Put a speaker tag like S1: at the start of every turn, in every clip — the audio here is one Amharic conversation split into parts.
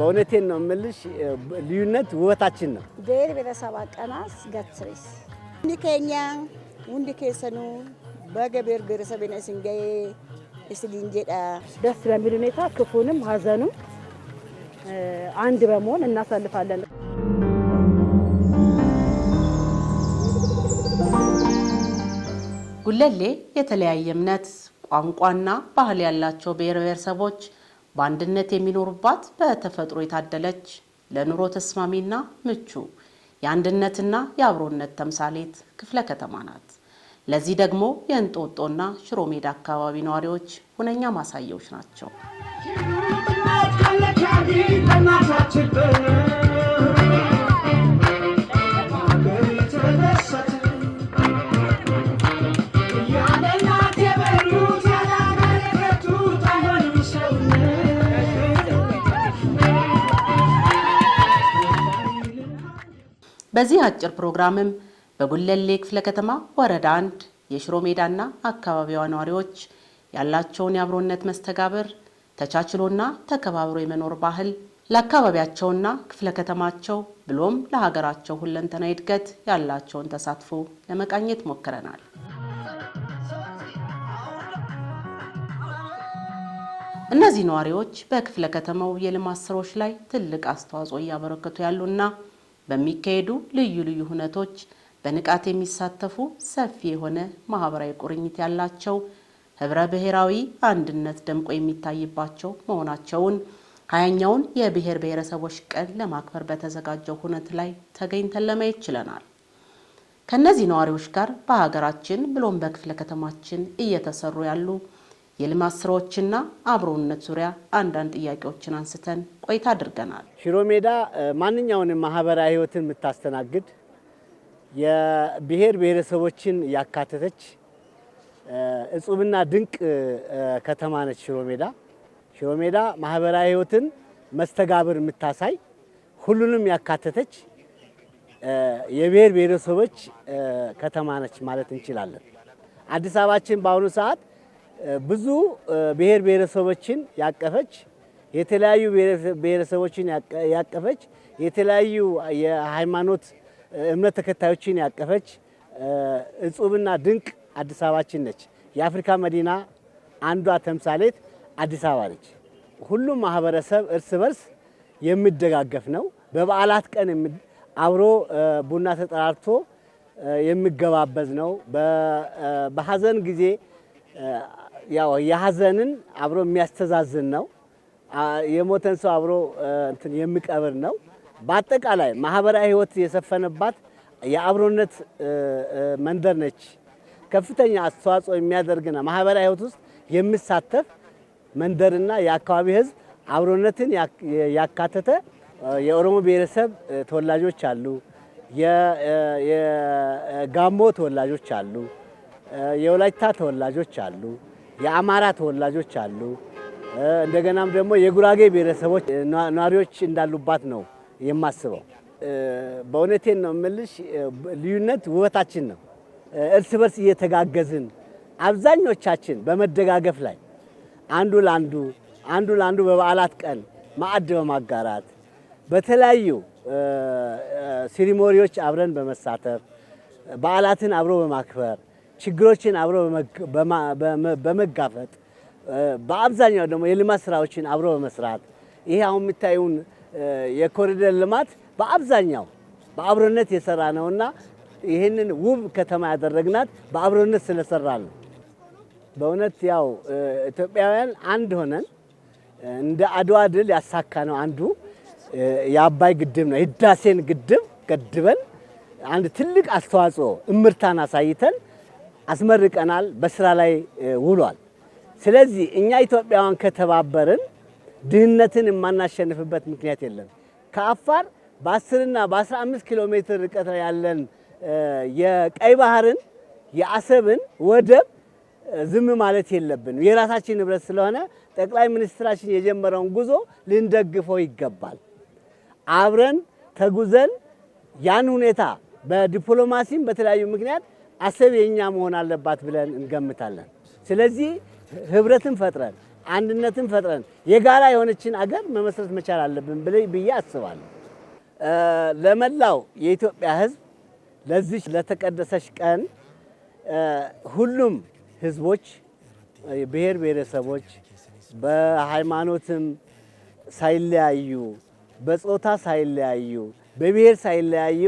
S1: በእውነቴን ነው የምልሽ፣ ልዩነት ውበታችን ነው።
S2: ብሔር ቤተሰብ አቀናስ ገትሬስ ሁንዲ ኬኛ ሁንዲ ኬሰኑ በገቤር ብሔረሰብ ስንገዬ እስሊንጀዳ ደስ
S3: በሚል ሁኔታ ክፉንም ሀዘኑ አንድ በመሆን እናሳልፋለን።
S4: ጉለሌ የተለያየ እምነት ቋንቋና ባህል ያላቸው ብሔር ብሔረሰቦች በአንድነት የሚኖሩባት በተፈጥሮ የታደለች ለኑሮ ተስማሚና ምቹ የአንድነትና የአብሮነት ተምሳሌት ክፍለ ከተማ ናት። ለዚህ ደግሞ የእንጦጦና ሽሮ ሜዳ አካባቢ ነዋሪዎች ሁነኛ ማሳያዎች ናቸው። በዚህ አጭር ፕሮግራምም በጉለሌ ክፍለ ከተማ ወረዳ አንድ የሽሮ ሜዳና አካባቢዋ ነዋሪዎች ያላቸውን የአብሮነት መስተጋብር ተቻችሎና ተከባብሮ የመኖር ባህል ለአካባቢያቸውና ክፍለ ከተማቸው ብሎም ለሀገራቸው ሁለንተናዊ እድገት ያላቸውን ተሳትፎ ለመቃኘት ሞክረናል። እነዚህ ነዋሪዎች በክፍለ ከተማው የልማት ስራዎች ላይ ትልቅ አስተዋጽኦ እያበረከቱ ያሉና በሚካሄዱ ልዩ ልዩ ሁነቶች በንቃት የሚሳተፉ ሰፊ የሆነ ማህበራዊ ቁርኝት ያላቸው ህብረ ብሔራዊ አንድነት ደምቆ የሚታይባቸው መሆናቸውን ሀያኛውን የብሔር ብሔረሰቦች ቀን ለማክበር በተዘጋጀው ሁነት ላይ ተገኝተን ለማየት ችለናል። ከእነዚህ ነዋሪዎች ጋር በሀገራችን ብሎም በክፍለ ከተማችን እየተሰሩ ያሉ የልማት ስራዎችና አብሮነት
S1: ዙሪያ አንዳንድ ጥያቄዎችን አንስተን ቆይታ አድርገናል። ሽሮ ሜዳ ማንኛውንም ማህበራዊ ህይወትን የምታስተናግድ የብሔር ብሔረሰቦችን ያካተተች እጹብና ድንቅ ከተማ ነች። ሽሮ ሜዳ ሽሮ ሜዳ ማህበራዊ ህይወትን መስተጋብር የምታሳይ ሁሉንም ያካተተች የብሔር ብሔረሰቦች ከተማ ነች ማለት እንችላለን። አዲስ አበባችን በአሁኑ ሰዓት ብዙ ብሔር ብሔረሰቦችን ያቀፈች የተለያዩ ብሔረሰቦችን ያቀፈች የተለያዩ የሃይማኖት እምነት ተከታዮችን ያቀፈች እጹብና ድንቅ አዲስ አበባችን ነች። የአፍሪካ መዲና አንዷ ተምሳሌት አዲስ አበባ ነች። ሁሉም ማህበረሰብ እርስ በርስ የሚደጋገፍ ነው። በበዓላት ቀን አብሮ ቡና ተጠራርቶ የሚገባበዝ ነው። በሀዘን ጊዜ ያው የሀዘንን አብሮ የሚያስተዛዝን ነው። የሞተን ሰው አብሮ እንትን የሚቀብር ነው። በአጠቃላይ ማህበራዊ ህይወት የሰፈነባት የአብሮነት መንደር ነች። ከፍተኛ አስተዋጽኦ የሚያደርግና ማህበራዊ ህይወት ውስጥ የሚሳተፍ መንደርና የአካባቢ ህዝብ አብሮነትን ያካተተ የኦሮሞ ብሔረሰብ ተወላጆች አሉ፣ የጋሞ ተወላጆች አሉ፣ የወላይታ ተወላጆች አሉ። የአማራ ተወላጆች አሉ። እንደገናም ደግሞ የጉራጌ ብሔረሰቦች ነዋሪዎች እንዳሉባት ነው የማስበው። በእውነቴን ነው የምልሽ፣ ልዩነት ውበታችን ነው። እርስ በርስ እየተጋገዝን አብዛኞቻችን በመደጋገፍ ላይ አንዱ ለአንዱ አንዱ ለአንዱ በበዓላት ቀን ማዕድ በማጋራት በተለያዩ ሲሪሞሪዎች አብረን በመሳተፍ በዓላትን አብሮ በማክበር ችግሮችን አብሮ በመጋፈጥ በአብዛኛው ደግሞ የልማት ስራዎችን አብሮ በመስራት ይሄ አሁን የሚታየውን የኮሪደር ልማት በአብዛኛው በአብሮነት የሰራ ነውና ይህንን ውብ ከተማ ያደረግናት በአብሮነት ስለሰራ ነው። በእውነት ያው ኢትዮጵያውያን አንድ ሆነን እንደ አድዋ ድል ያሳካ ነው አንዱ የአባይ ግድብ ነው። የህዳሴን ግድብ ገድበን አንድ ትልቅ አስተዋጽኦ እምርታን አሳይተን አስመርቀናል፣ በስራ ላይ ውሏል። ስለዚህ እኛ ኢትዮጵያውያን ከተባበርን ድህነትን የማናሸንፍበት ምክንያት የለም። ከአፋር በ10ና በ15 ኪሎ ሜትር ርቀት ላይ ያለን የቀይ ባህርን የአሰብን ወደብ ዝም ማለት የለብንም። የራሳችን ንብረት ስለሆነ ጠቅላይ ሚኒስትራችን የጀመረውን ጉዞ ልንደግፈው ይገባል። አብረን ተጉዘን ያን ሁኔታ በዲፕሎማሲም በተለያዩ ምክንያት አሰብ የእኛ መሆን አለባት ብለን እንገምታለን። ስለዚህ ህብረትን ፈጥረን አንድነትን ፈጥረን የጋራ የሆነችን አገር መመስረት መቻል አለብን ብዬ አስባለሁ። ለመላው የኢትዮጵያ ህዝብ ለዚች ለተቀደሰች ቀን ሁሉም ህዝቦች፣ ብሔር ብሔረሰቦች በሃይማኖትም ሳይለያዩ፣ በጾታ ሳይለያዩ፣ በብሔር ሳይለያዩ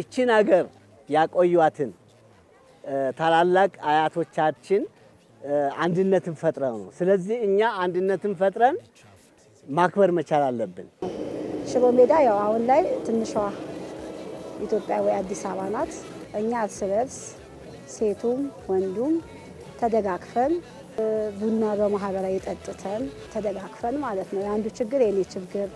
S1: እችን አገር ያቆዩዋትን ታላላቅ አያቶቻችን አንድነትን ፈጥረው ነው። ስለዚህ እኛ አንድነትን ፈጥረን ማክበር መቻል አለብን።
S5: ሽቦ ሜዳ ያው አሁን ላይ ትንሿ ኢትዮጵያ ወይ አዲስ አበባ ናት። እኛ እርስ በርስ ሴቱም ወንዱም ተደጋግፈን ቡና በማህበራዊ ጠጥተን ተደጋግፈን ማለት ነው። የአንዱ ችግር የኔ ችግር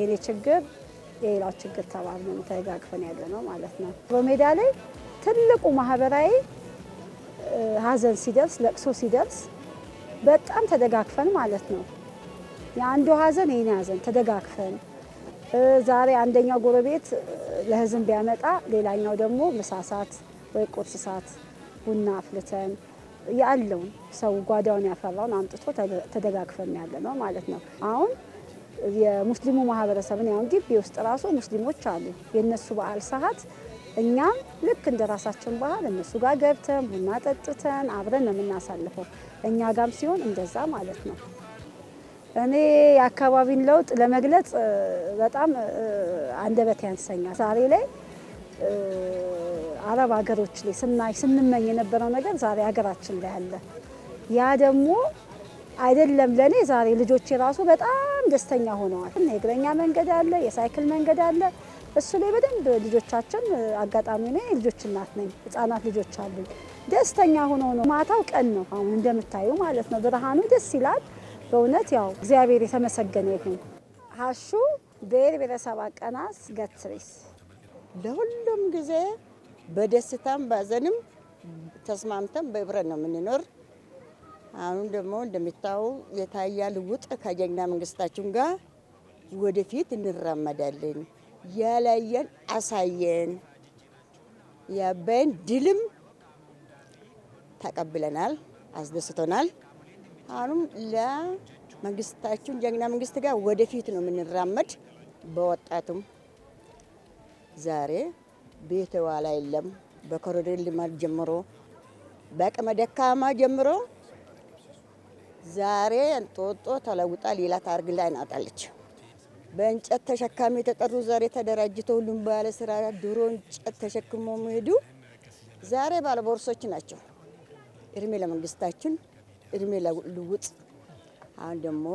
S5: የኔ ችግር የሌላው ችግር ተባብለን ተደጋግፈን ያለ ነው ማለት ነው። ሽቦ ሜዳ ላይ ትልቁ ማህበራዊ ሀዘን ሲደርስ ለቅሶ ሲደርስ በጣም ተደጋግፈን ማለት ነው። የአንዱ ሀዘን ይህን ሀዘን ተደጋግፈን ዛሬ አንደኛው ጎረቤት ለህዝብ ቢያመጣ ሌላኛው ደግሞ ምሳሳት ወይ ቁርስ ሰዓት ቡና አፍልተን ያለውን ሰው ጓዳውን ያፈራውን አምጥቶ ተደጋግፈን ያለ ነው ማለት ነው። አሁን የሙስሊሙ ማህበረሰብን ያው ግቢ ውስጥ ራሱ ሙስሊሞች አሉ የእነሱ በዓል ሰዓት እኛም ልክ እንደ ራሳችን ባህል እነሱ ጋር ገብተን ቡና ጠጥተን አብረን ነው የምናሳልፈው። እኛ ጋም ሲሆን እንደዛ ማለት ነው። እኔ የአካባቢን ለውጥ ለመግለጽ በጣም አንደበት ያንሰኛል። ዛሬ ላይ አረብ ሀገሮች ላይ ስናይ ስንመኝ የነበረው ነገር ዛሬ ሀገራችን ላይ አለ። ያ ደግሞ አይደለም ለእኔ ዛሬ ልጆቼ ራሱ በጣም ደስተኛ ሆነዋል። የእግረኛ መንገድ አለ፣ የሳይክል መንገድ አለ። እሱ ላይ በደንብ ልጆቻችን አጋጣሚ ነው የልጆች እናት ነኝ። ህጻናት ልጆች አሉኝ። ደስተኛ ሆኖ ነው ማታው ቀን ነው አሁን እንደምታዩ ማለት ነው። ብርሃኑ ደስ ይላል። በእውነት ያው እግዚአብሔር የተመሰገነ ይሁን። ሀሹ ብሔር ብሔረሰብ ቀናስ ገትሬስ
S2: ለሁሉም ጊዜ በደስታም ባዘንም ተስማምተን በህብረት ነው የምንኖር። አሁን ደግሞ እንደሚታው የታያ ልውጥ ከጀግና መንግስታችን ጋር ወደፊት እንራመዳለን። የለየን አሳየን። የአባይን ድልም ተቀብለናል፣ አስደስቶናል። አሁንም ለመንግስታችን ጀግና መንግስት ጋር ወደፊት ነው የምንራመድ። በወጣቱም ዛሬ ቤት ዋላ የለም። በኮሪደር ልማት ጀምሮ በአቅመ ደካማ ጀምሮ ዛሬ እንጦጦ ተለውጣ ሌላ ታርግ ላይ ናጣለች። በእንጨት ተሸካሚ የተጠሩ ዛሬ ተደራጅተው ሁሉም ባለ ስራ ድሮ እንጨት ተሸክሞ መሄዱ ዛሬ ባለቦርሶች ናቸው። እድሜ ለመንግስታችን፣ እድሜ ለልውጥ። አሁን ደግሞ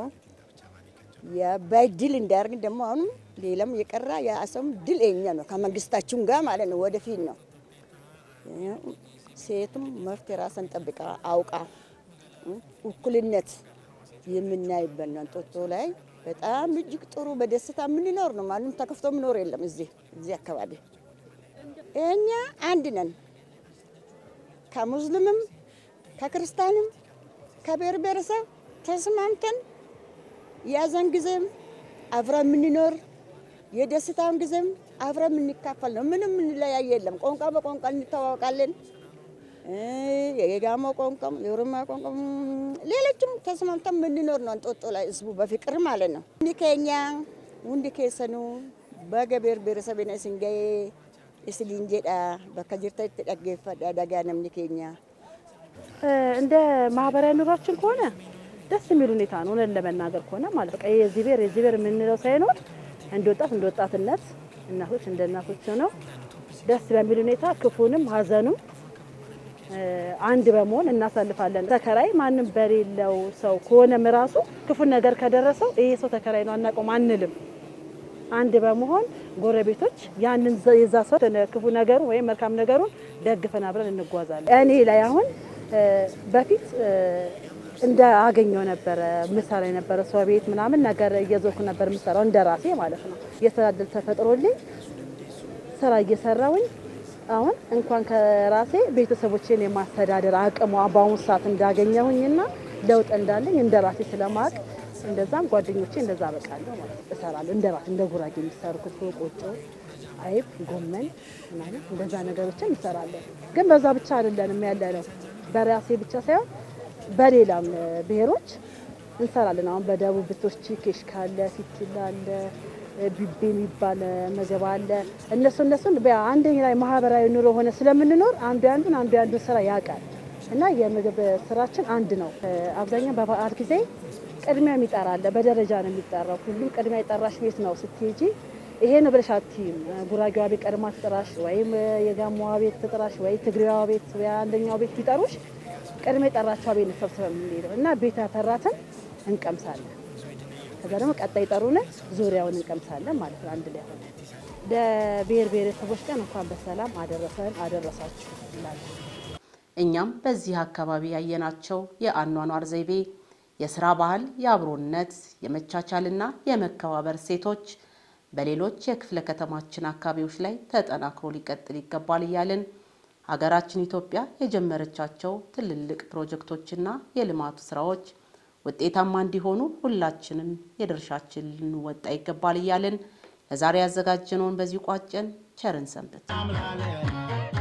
S2: የአባይ ድል ደግሞ አሁንም ሌላም የቀራ የአሰም ድል የኛ ነው ከመንግስታችን ጋር ማለት ነው። ወደፊት ነው ሴቱም መፍት የራሰን ጠብቃ አውቃ እኩልነት የምናይበት ነው። እንጦጦ ላይ በጣም እጅግ ጥሩ በደስታ የምንኖር ነው። ማንም ተከፍቶ ምኖር የለም። እዚህ እዚህ አካባቢ እኛ አንድ ነን። ከሙስሊምም ከክርስቲያንም ከብሔር ብሔረሰብ ተስማምተን ያዘን ጊዜም አብረን የምንኖር የደስታን ጊዜም አብረን የምንካፈል ነው። ምንም የምንለያየ የለም። ቋንቋ በቋንቋ እንተዋወቃለን። የጋሞ ቋንቋም የኦሮማ ቋንቋም ሌሎችም ተስማምተን የምንኖር ነው። እንጦጦ ላይ ህዝቡ በፍቅር ማለት ነው። ሁንዲ ኬኛ ሁንዲ ኬሰኑ በገ ብሔር ብሔረሰብና ሲንገ እስሊን ጀዳ በካ ጅርተ ተደገፈዳ ዳጋ ነምኒ
S3: እንደ ማህበራዊ ኑሯችን ከሆነ ደስ የሚል ሁኔታ ነው። ሆነን ለመናገር ከሆነ ማለት ነው የዚህ ብሔር የዚህ ብሔር የምንለው ሳይኖር እንደ ወጣት እንደ ወጣትነት እናቶች እንደ እናቶች ሆነው ደስ በሚል ሁኔታ ክፉንም ሀዘኑም አንድ በመሆን እናሳልፋለን። ተከራይ ማንም በሌለው ሰው ከሆነም ራሱ ክፉ ነገር ከደረሰው ይሄ ሰው ተከራይ ነው አናውቀውም አንልም። አንድ በመሆን ጎረቤቶች ያንን የዛ ሰው ክፉ ነገሩ ወይም መልካም ነገሩን ደግፈን አብረን እንጓዛለን። እኔ ላይ አሁን በፊት እንደ አገኘው ነበረ ምሳሌ ነበረ ሰው ቤት ምናምን ነገር እየዞርኩ ነበር ምሰራው እንደ ራሴ ማለት ነው የስራ እድል ተፈጥሮልኝ ስራ እየሰራውኝ አሁን እንኳን ከራሴ ቤተሰቦቼን የማስተዳደር አቅሙ በአሁኑ ሰዓት እንዳገኘሁኝና ለውጥ እንዳለኝ እንደ ራሴ ስለማቅ እንደዛም ጓደኞቼ እንደዛ በቃለሁ እሰራለሁ። እንደ ራሴ እንደ ጉራጌ የሚሰሩ ክትፎ፣ ቆጮ፣ አይብ፣ ጎመን ምናምን እንደዛ ነገሮችን እንሰራለን። ግን በዛ ብቻ አይደለንም ያለ ነው። በራሴ ብቻ ሳይሆን በሌላም ብሔሮች እንሰራለን። አሁን በደቡብ ብቶች ኬሽካለ ፊትላለ ቢቤ የሚባል መዘባ አለ። እነሱ እነሱን አንደኛ ላይ ማህበራዊ ኑሮ ሆነ ስለምንኖር አንዱ ያንዱን አንዱ ያንዱን ስራ ያውቃል እና የምግብ ስራችን አንድ ነው። አብዛኛው በበዓል ጊዜ ቅድሚያ የሚጠራለ በደረጃ ነው የሚጠራው። ሁሉም ቅድሚያ የጠራሽ ቤት ነው ስትሄጂ ይሄ ነው ብለሽ አትይም። ጉራጌዋ ቤት ቀድማ ትጥራሽ፣ ወይም የጋሞዋ ቤት ትጥራሽ፣ ወይ ትግሬዋ ቤት አንደኛው ቤት ቢጠሩሽ ቅድሚያ የጠራቸዋ ቤት ነው ሰብስበን የምንሄደው እና ቤት ያፈራትን እንቀምሳለን ከዛ ደግሞ ቀጣይ ጠሩነ ዙሪያውን እንቀምሳለን ማለት ነው። አንድ ላይ ሆነ ለብሔር ብሔረሰቦች ቀን እንኳን በሰላም አደረሰን አደረሳችሁ እላለሁ።
S4: እኛም በዚህ አካባቢ ያየናቸው የአኗኗር ዘይቤ፣ የስራ ባህል፣ የአብሮነት፣ የመቻቻልና የመከባበር ሴቶች በሌሎች የክፍለ ከተማችን አካባቢዎች ላይ ተጠናክሮ ሊቀጥል ይገባል እያልን ሀገራችን ኢትዮጵያ የጀመረቻቸው ትልልቅ ፕሮጀክቶችና የልማት ስራዎች ውጤታማ እንዲሆኑ ሁላችንም የድርሻችን ልንወጣ ይገባል እያለን ለዛሬ ያዘጋጀነውን በዚህ ቋጨን። ቸርን ሰንብት።